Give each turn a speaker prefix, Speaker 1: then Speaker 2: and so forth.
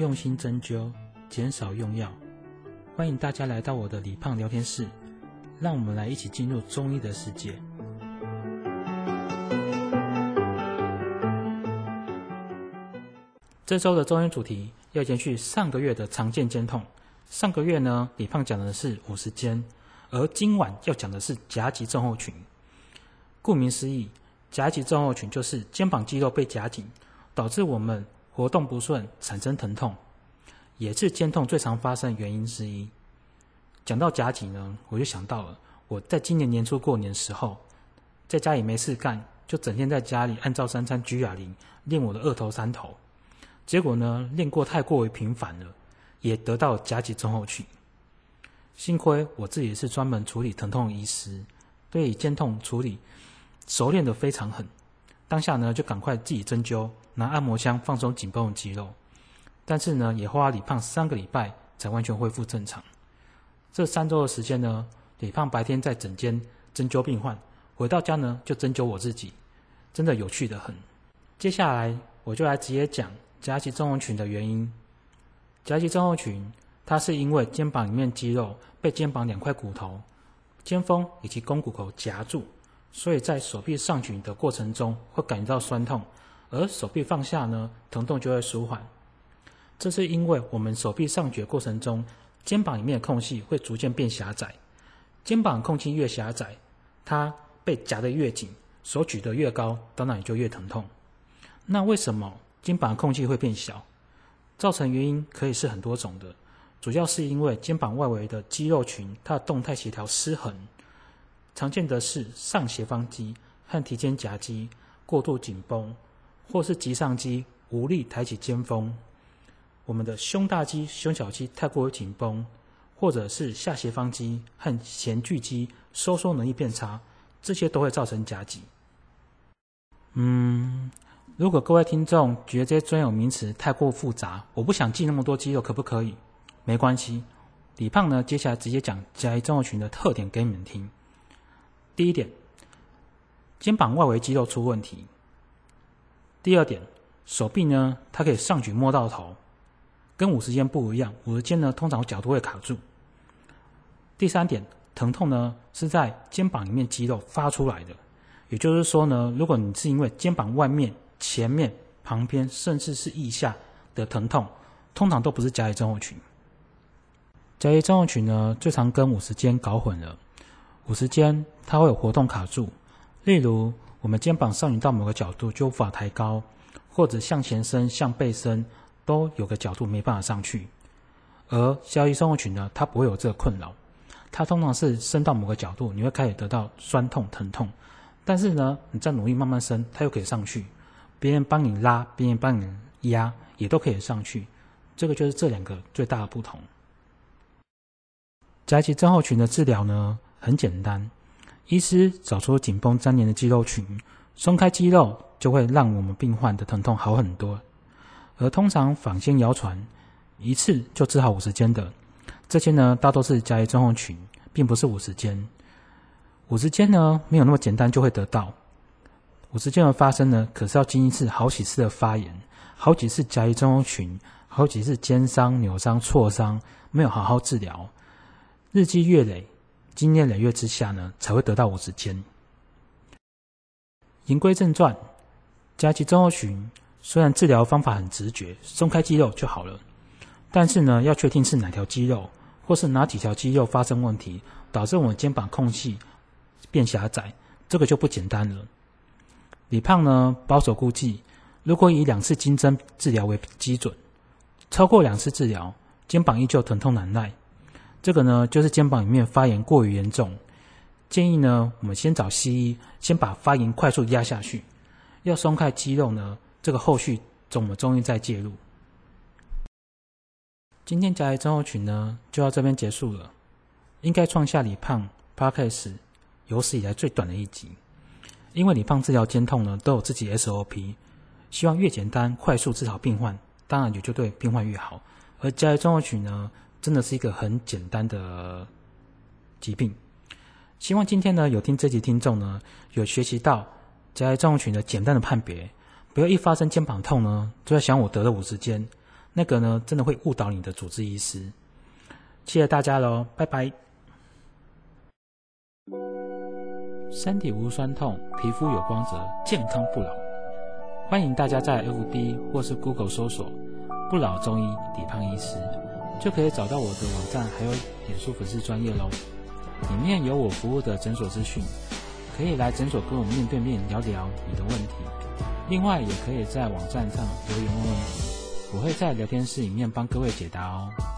Speaker 1: 用心針灸，減少用藥。歡迎大家來到我的李胖聊天室，讓我們來一起進入中醫的世界。這週的中醫主題要延續上個月的常見肩痛。上個月呢，李胖講的是五十肩，而今晚要講的是夾擠症候群。顧名思義，夾擠症候群就是肩膀肌肉被夾緊，導致我們。活動不順，產生疼痛，也是肩痛最常發生的原因之一。講到夾擠呢，我就想到了我在今年年初過年時候，在家裡沒事幹，就整天在家裡按照三餐舉啞鈴練我的二頭三頭，結果呢練過太過於頻繁了，也得到夾擠症候群。幸虧我自己是專門處理疼痛的醫師，對於肩痛處理熟練的非常狠。當下呢，就趕快自己針灸，拿按摩槍放鬆緊繃的肌肉。但是呢，也花了李胖三個禮拜才完全恢復正常。這三周的時間呢，李胖白天在診間針灸病患，回到家呢就針灸我自己，真的有趣得很。接下來我就來直接講夾擠症候群的原因。夾擠症候群，它是因為肩膀裡面肌肉被肩膀兩塊骨頭——肩峰以及肱骨頭夾住。所以在手臂上舉的過程中會感覺到痠痛，而手臂放下呢，疼痛就會舒緩。這是因為我們手臂上舉的過程中，肩膀裡面的空隙會逐漸變狹窄，肩膀的空隙越狹窄，它被夾得越緊，手舉得越高，當然也就越疼痛。那為什麼肩膀的空隙會變小？造成原因可以是很多種的，主要是因為肩膀外圍的肌肉群它的動態協調失衡。常見的是上斜方肌和提肩胛肌過度緊繃，或是棘上肌無力抬起肩峰。我們的胸大肌、胸小肌太過於緊繃，或者是下斜方肌和前鋸肌收縮能力變差，這些都會造成夾擠。嗯，如果各位聽眾覺得這些專有名詞太過複雜，我不想記那麼多肌肉，可不可以？沒關係，李胖呢，接下來直接講夾擠症候群的特點給你們聽。第一點，肩膀外圍肌肉出問題。第二點，手臂呢，它可以上舉摸到頭，跟五十肩不一樣。五十肩呢，通常我角度會卡住。第三點，疼痛呢是在肩膀裡面肌肉發出來的，也就是說呢，如果你是因為肩膀外面、前面、旁邊，甚至是腋下的疼痛，通常都不是夾擠症候群。夾擠症候群呢，最常跟五十肩搞混了。五十肩它會有活動卡住，例如我們肩膀上移到某個角度就無法抬高，或者向前伸、向背伸都有個角度沒辦法上去。而夾擠症候群呢，它不會有這個困擾，它通常是伸到某個角度，你會開始得到酸痛、疼痛，但是呢，你再努力慢慢伸，它又可以上去。別人幫你拉，別人幫你壓，也都可以上去。這個就是這兩個最大的不同。夾擠症候群的治療呢？很簡單，醫師找出緊繃粘連的肌肉群，鬆開肌肉就會讓我們病患的疼痛好很多。而通常坊間謠傳一次就治好五十肩的這些呢，大多是夾擠症候群，並不是五十肩。五十肩呢，沒有那麼簡單就會得到。五十肩的發生呢，可是要經一次、好幾次的發炎，好幾次夾擠症候群，好幾次肩傷、扭傷、挫傷，沒有好好治療，日積月累。經年累月之下呢，才會得到五十肩。言歸正傳，夾擠症候群，雖然治療方法很直覺，鬆開肌肉就好了，但是呢，要確定是哪條肌肉或是哪幾條肌肉發生問題，導致我們肩膀空隙變狹窄，這個就不簡單了。李胖呢，保守估計，如果以兩次針刺治療為基準，超過兩次治療，肩膀依舊疼痛難耐。這個呢，就是肩膀裡面發炎過於嚴重，建議呢，我們先找西醫，先把發炎快速壓下去。要鬆開肌肉呢，這個後續中我們中醫再介入。今天夾擠症候群呢，就到這邊結束了。應該創下李胖 Podcast 有史以來最短的一集，因為李胖治療肩痛呢，都有自己 SOP，希望越簡單快速治好病患，當然也就對病患越好。而夾擠症候群呢，真的是一個很簡單的疾病。希望今天呢，有聽這集聽眾呢，有學習到夾擠症候群的簡單的判別，不要一發生肩膀痛呢，就要想我得了五十肩，那個呢，真的會誤導你的主治醫師。謝謝大家嘍，拜拜。身體無痠痛，皮膚有光澤，健康不老。歡迎大家在 FB 或是 Google 搜索“不老中醫李胖醫師”。就可以找到我的網站，還有臉書粉絲專業嘍。裡面有我服務的診所資訊，可以來診所跟我們面對面聊聊你的問題。另外，也可以在網站上留言問問題，我會在聊天室裡面幫各位解答哦。